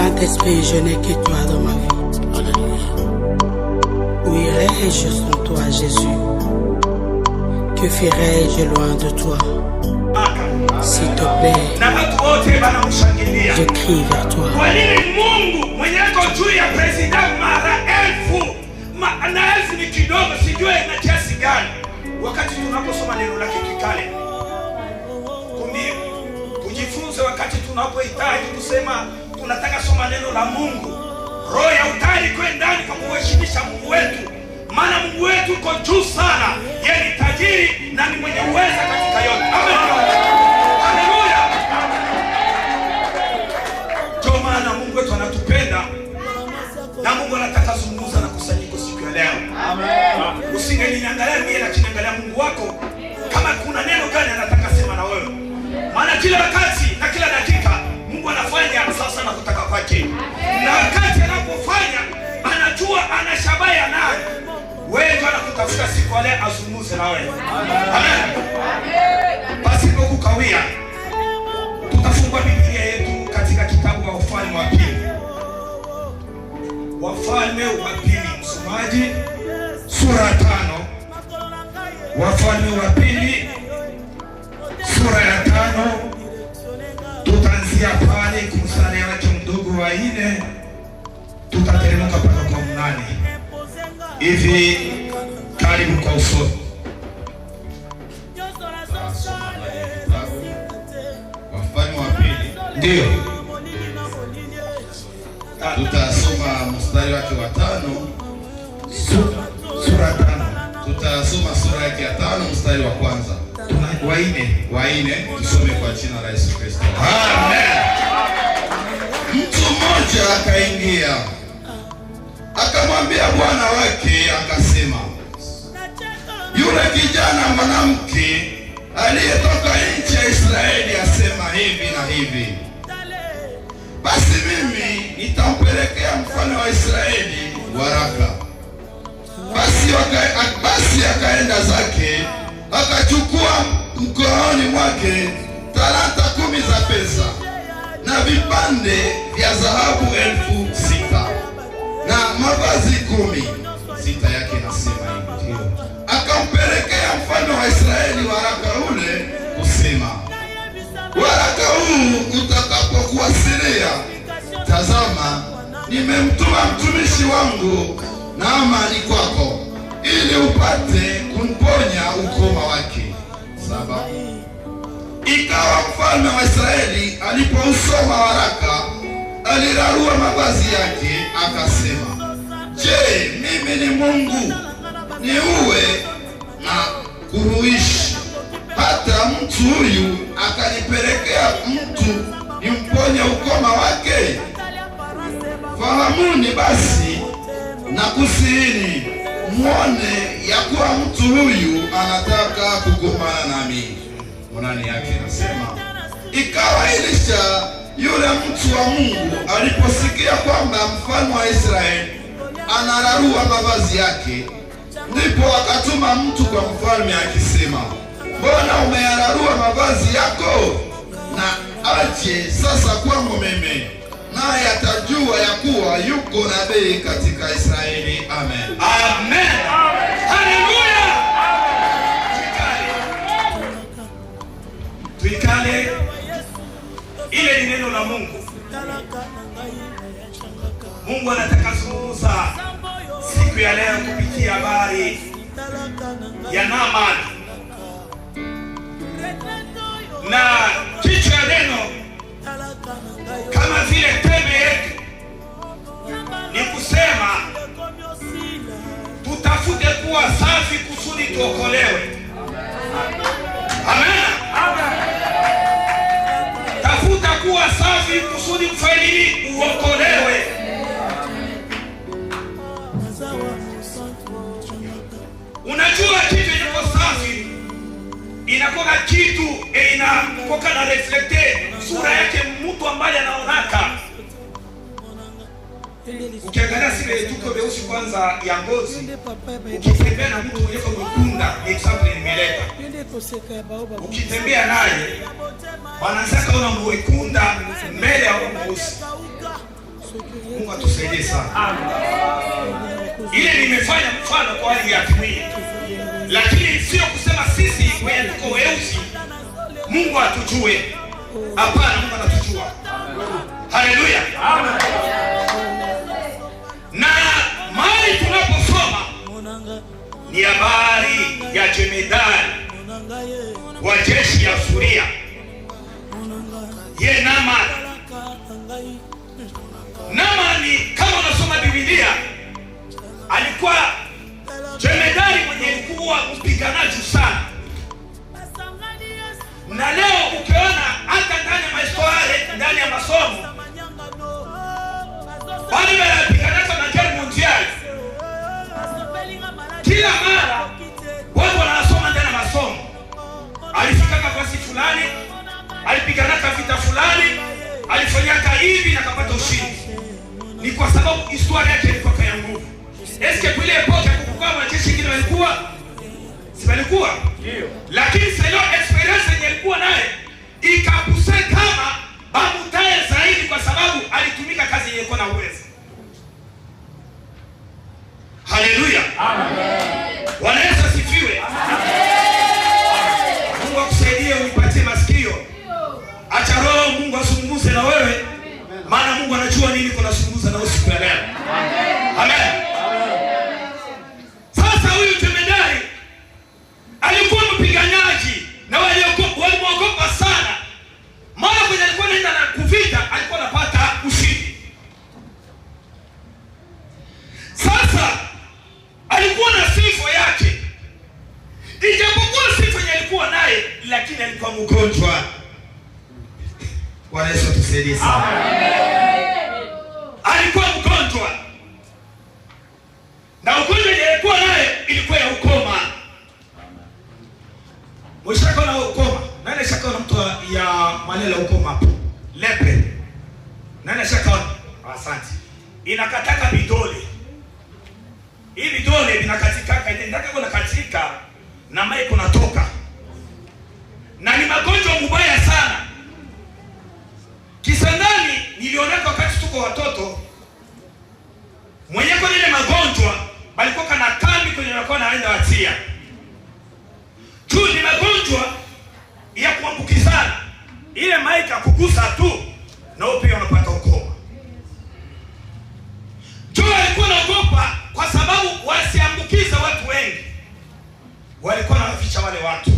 Saint-Esprit, je n'ai que toi dans ma vie. Alléluia. Où irais-je sans toi, Jésus Que ferais-je loin de toi S'il te plaît, je crie vers toi. na elfu ni kidogo, sijue na kiasi gani. Wakati tunaposoma neno lake kikale, kujifunze wakati tunapohitaji kusema tunataka soma neno la Mungu, roho ya utari kwe ndani kwa kuheshimisha Mungu wetu, maana Mungu wetu uko juu sana. Yeye ni tajiri na ni mwenye uweza katika yote. Amen. Haleluya! Ndio maana Mungu wetu anatupenda na Mungu anataka zungumza na kusanyiko siku ya leo. Amen. Usingeniangalia mimi na angalia Mungu wako, kama kuna neno gani anataka sema na wewe, maana kila wakati Mungu anafanya sasa na kutaka kwake, na wakati anapofanya anajua ana shabaha ya nani. Wewe ndio anakutafuta siku ale azunguze na wewe, pasipo kukawia. Tutafungua Biblia yetu katika kitabu wa Wafalme wa Pili, Wafalme wa Pili, msomaji, sura ya tano, Wafalme wa Pili kwa tutateremka mpaka kwa mnane hivi. Karibu kwa ufupi ndio tutasoma mstari wake wa tano sura tano tutasoma sura yake ya tano mstari wa kwanza waine waine, tusome kwa jina la Yesu Kristo, amen mmoja akaingia akamwambia bwana wake akasema, yule kijana mwanamke aliyetoka nchi ya Israeli asema hivi na hivi, basi mimi nitampelekea mfalme wa Israeli waraka. Basi waka, basi akaenda zake akachukua mkononi mwake talanta kumi za pesa na vipande vya dhahabu elfu sita na mavazi kumi. Sita yake nasema hivi, akampelekea mfalme wa Israeli waraka ule kusema, waraka huu utakapokuwasilia, tazama, nimemtuma mtumishi wangu Naamani kwako, ili upate kumponya ukoma wake. Sababu Ikawa mfalme wa Israeli alipousoma waraka, alirarua mavazi yake, akasema, Je, mimi ni Mungu ni uwe na kuruishi hata mtu huyu akanipelekea mtu nimponye ukoma wake? Fahamuni basi na kusihini, muone ya kuwa mtu huyu anataka kugombana mimi unani yake nasema, ikawa Elisha yule mtu wa Mungu aliposikia kwamba mfalme wa Israeli anararua mavazi yake, ndipo akatuma mtu kwa mfalme akisema, mbona umeyararua mavazi yako? Na aje sasa kwangu mimi, naye atajua ya kuwa yuko nabii katika Israeli. Amen, amen, amen. Haleluya. tuikale ile ni neno la Mungu. Mungu anataka zungumza siku ya leo kupitia habari ya namani na kichwa ya neno kama vile teme yetu ni kusema tutafute kuwa safi kusudi tuokolewe. kuona kitu e, inakoka na reflekte sura yake mtu ambaye anaonaka. Ukiangalia sile tuko vyeusi kwanza ya ngozi, ukitembea na mtu mwenye mkunda, example nimeleta, ukitembea naye wanasaka una mwekunda mbele ya ngozi. Mungu atusaidie sana. Amen. Ile nimefanya mfano kwa ajili ya kimwili, lakini sio wewe tuko weusi, Mungu atujue? Hapana, Mungu anatujua. Haleluya! Na mali tunaposoma ni habari ya jemedari wa jeshi ya Suria ye nama nama ni kama unasoma bibilia alikuwa kwa sababu historia yake ilikuwa kaya nguvu. Eske kule epoka kukuwa wanajeshi wengine walikuwa si walikuwa ndio, lakini sasa hiyo experience yenye alikuwa naye ikapuse kama bamutaye zaidi, kwa sababu alitumika kazi yenye na uwezo. Haleluya, amen. kukugusa tu na wewe pia unapata ukoma. Joe alikuwa anaogopa kwa sababu wasiambukize watu wengi, walikuwa wanaficha wale watu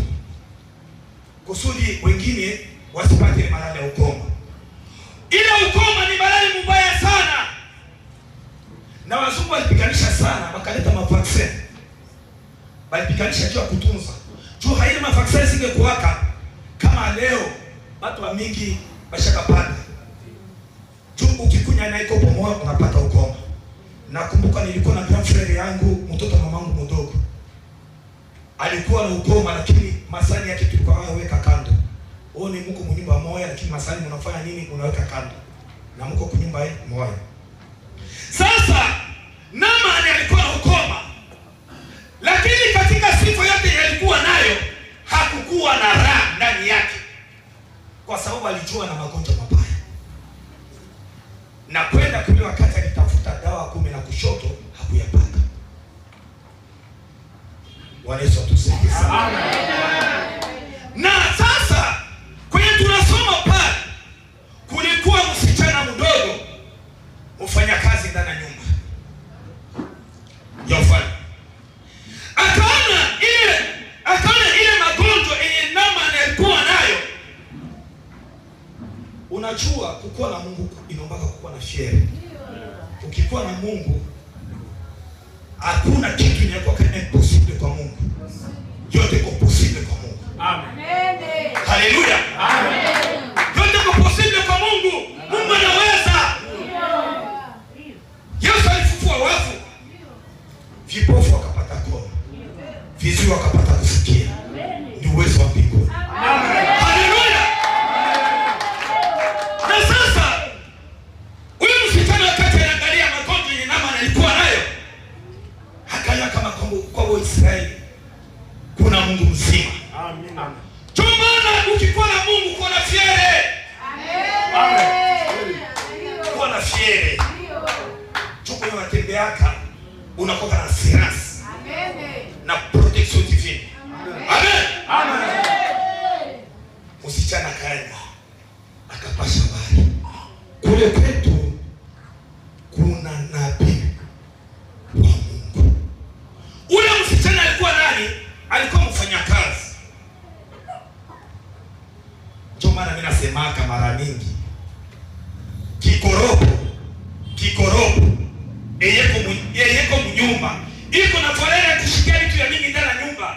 kusudi wengine wasipate malali ya ukoma. Ile ukoma ni malali mubaya sana, na wazungu walipiganisha sana, wakaleta mavaksini, walipiganisha juu ya kutunza juu haili mavaksini singekuwaka kama leo batu wa mingi bashakapata juu, ukikunya iko pomoa unapata ukoma. Nakumbuka nilikuwa na grand yangu, mtoto mamangu mdogo alikuwa na ukoma, lakini masani yake tulikuwa waweka kando. ni mko mnyumba moja, lakini masani mnafanya nini? Unaweka kando na mko kunyumba eh, moja sasa kuwa na magonjwa mabaya na kwenda kule, wakati alitafuta dawa kumi na kushoto hakuyapata. Bwana Yesu atusaidie sana. Unajua kukuwa na Mungu inaombaka kukuwa na shere. Ukikuwa na Mungu hakuna kitu inakuwa kama impossible kwa Mungu. Yote iko posible kwa Mungu. Haleluya. Yote iko posible kwa Mungu. Mungu anaweza. Yesu alifufua wafu. Vipofu wakapata kuona. Viziwi wakapata kama kwa Waisraeli kuna Mungu mzima. Amina. Chumana ukikuwa na Mungu uko na fiere. Amen. Uko na fiere. Chukua unatembeaka unakoka na sirasi. Amen. Na protection divine. Amen. Amen. Msichana kaenda akapasha habari kule kwetu yeyeko mnyumba iko na foleni ya kushikia vitu ya mingi ndani ya nyumba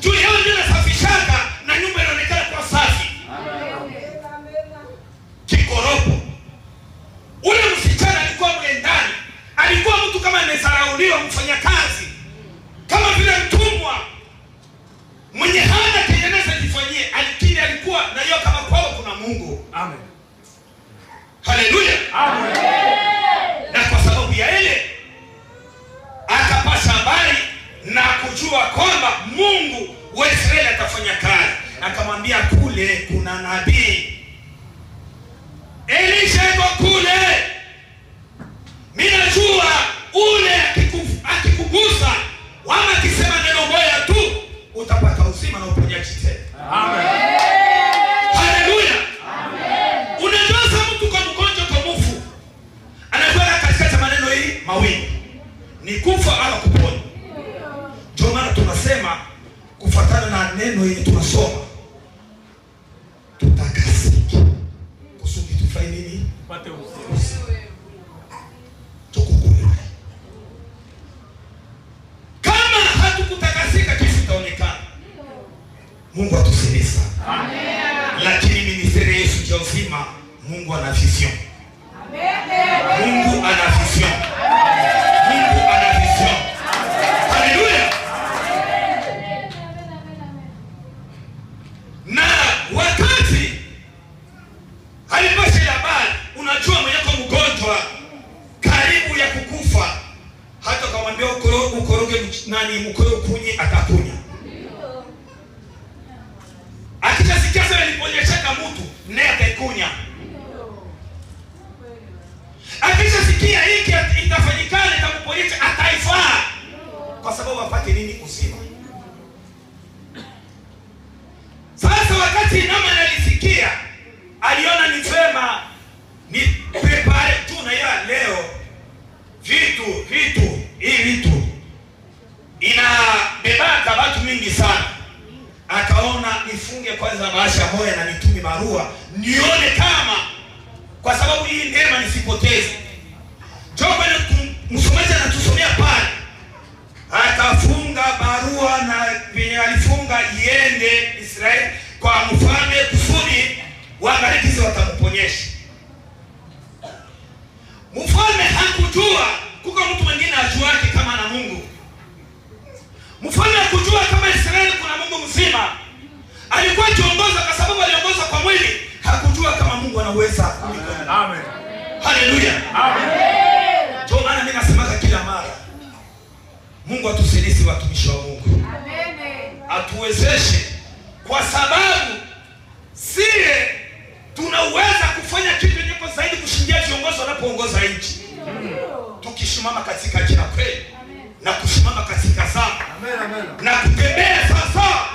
tu yao ndio nasafishaka na nyumba inaonekana kwa safi kikoropo. Ule msichana alikuwa mwe ndani, alikuwa mtu kama amezarauliwa, kazi kama vile mtumwa mwenye hana tengeneza jifanyie, alikini alikuwa na hiyo kama kwao kuna Mungu. Amen, haleluya, amen. kujua kwamba Mungu wa Israeli atafanya kazi. Akamwambia kule kuna nabii Elisha yuko kule Mungu ana vision. Mungu ana kwanza maasha moya na nitume barua nione kama, kwa sababu hii neema nisipoteze. Job msomaji anatusomea pale, atafunga barua na venye alifunga iende Israeli kwa mfalme kusudi waangalizi watamponyesha. Mfalme hakujua kuko mtu mwingine ajuake kama na Mungu. Mfalme hakujua kama Israeli kuna Mungu alikuwa akiongoza kwa sababu aliongoza kwa mwili, hakujua kama Mungu anaweza kuliko. Amen. Haleluya. Amen. Ndio maana mimi nasemaga kila mara Mungu atusilisi watumishi wa Mungu. Amen. Atuwezeshe kwa sababu sie tunaweza kufanya kitu nyingi zaidi kushindia viongozi wanapoongoza nchi. Tukisimama katika kila kweli na kusimama katika saa na kutembea sawa sawa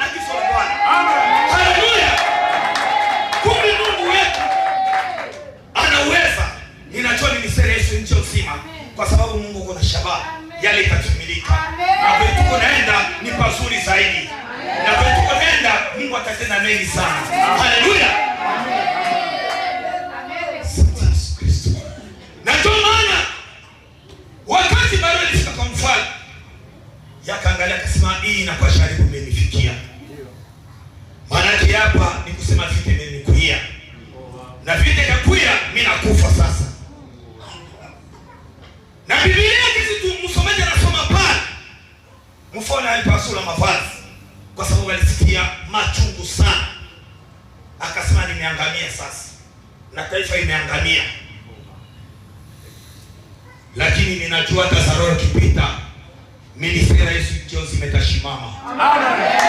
ni Mwachoni Yesu nchi nzima, kwa sababu Mungu kuna na shabaha, yale itatimilika, na kwa tuko naenda ni pazuri zaidi, na kwa tuko naenda Mungu atatenda mengi sana. Haleluya, Na ndio maana wakati barua ilifika kwa mfalme, yakaangalia akasema, hii inakuwa sharibu imenifikia. Maana yake hapa ni kusema vita imenikuia na vita ikakuia mimi nakuwa risasi na taifa imeangamia. Lakini ninajua hata kipita, ministeri ya Yesu ndio zimetashimama. Amen.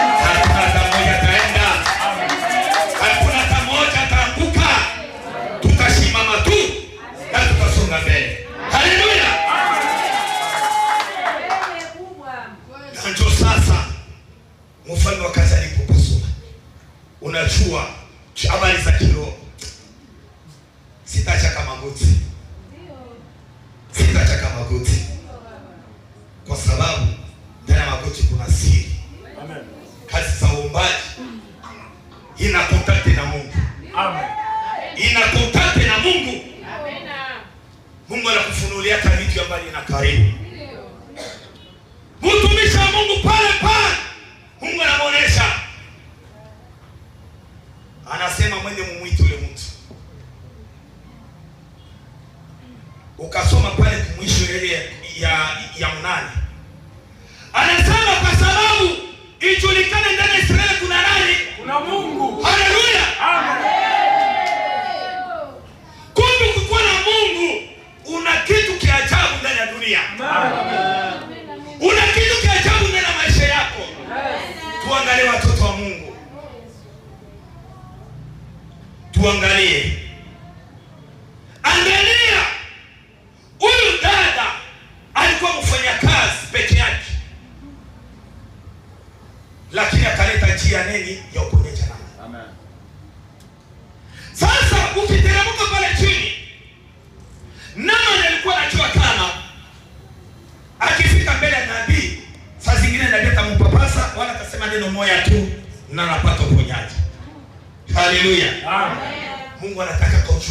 Mungu anakufunulia hata vitu ambavyo na karibu mtumishi wa Mungu pale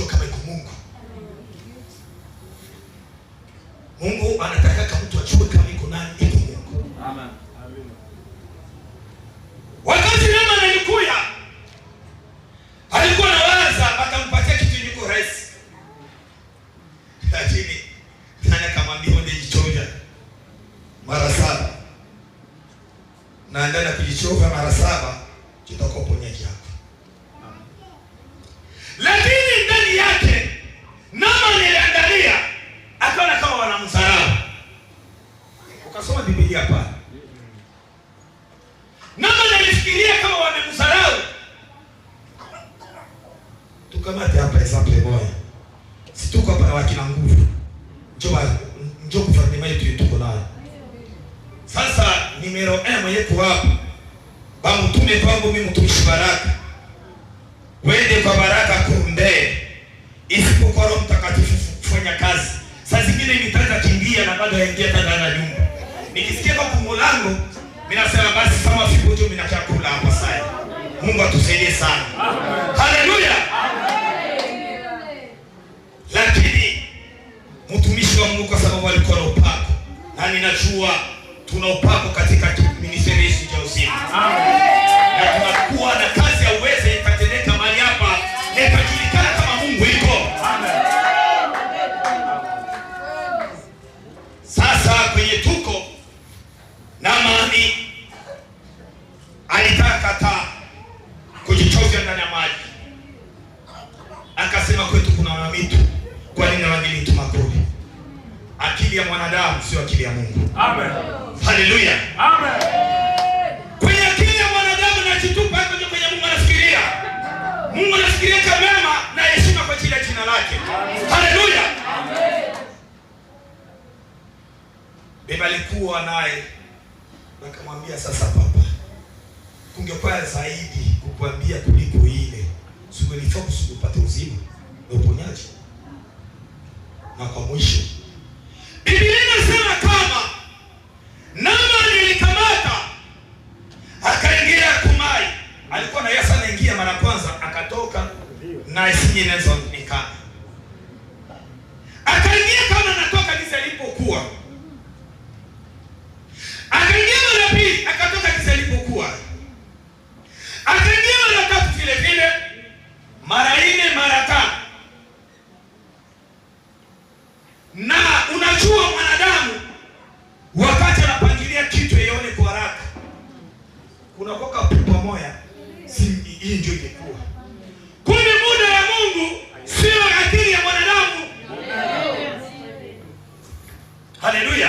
unajua kama iko Mungu. Mungu anataka kama mtu ajue kama iko nani, iko Mungu. Amen. Wakati mama alikuwa nawaza kitu rahisi. Lakini nani akamwambia mara saba. Na ndio mara saba mtume kwangu mimi mtumishi baraka, wende kwa baraka kumbee, isipokuwa Roho Mtakatifu kufanya kazi. Saa zingine nitaanza kimbia na bado yaingia tanda na nyumba, nikisikia kwa kungu langu minasema basi kama vibutu mina chakula hapa sasa. Mungu atusaidie sana, haleluya. Lakini mtumishi wa Mungu kwa sababu alikuwa na upako, na ninajua tuna upako katika ministeri yetu ya uzima. Amen. Shetani alitaka hata kujichovya ndani ya maji, akasema kwetu kuna wanamitu, kwa nini nawagili mtu Akili ya mwanadamu sio akili ya Mungu. Amen, haleluya. Haleluya,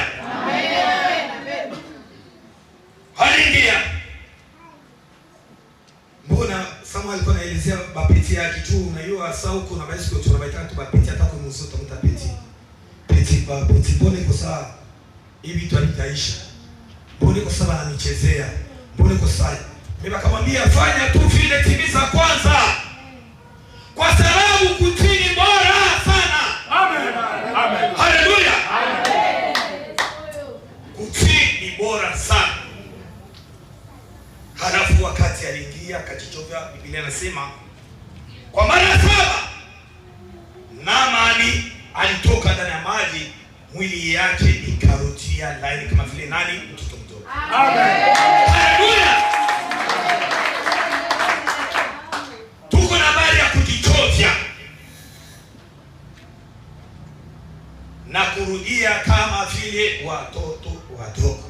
haleluya. Mbona Samuel alikuwa anaelezea mapiti yake tu, unajua saa huko na basi kwa tunabaita tu mapiti hata kwa mzoto mtapiti piti bapiti. Mbona iko saa hivi tu alitaisha? Mbona iko saa anichezea Mbona iko saa Mimi nikamwambia fanya tu vile, timiza kwanza, kwa sababu akaongezea akachichovya. Biblia inasema kwa mara ya saba Naamani alitoka ndani ya maji, mwili yake ikarudia laini kama vile nani, mtoto mdogo. Amen, haleluya. Tuko na habari ya kujichovya na kurudia kama vile watoto wadogo.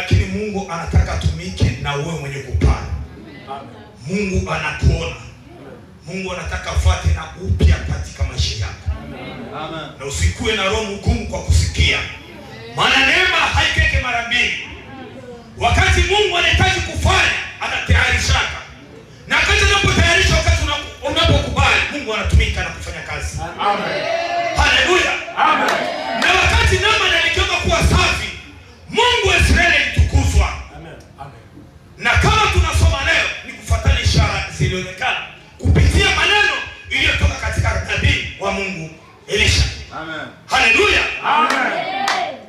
lakini Mungu anataka atumike na uwe mwenye kupanda. Mungu anakuona, Mungu anataka ufate na upya katika maisha yako, na usikue na roho ngumu kwa kusikia, maana neema haikeke mara mbili. Wakati Mungu anahitaji kufanya, anatayarisha na wakati unapotayarisha, wakati unapokubali, Mungu anatumika na kufanya kazi. Amen. Haleluya. Amen. Na wakati nama nalikiona kuwa safi Mungu na kama tunasoma leo ni kufuatana ishara zilionekana kupitia maneno iliyotoka katika nabii wa Mungu Elisha. Amen. Haleluya. Amen.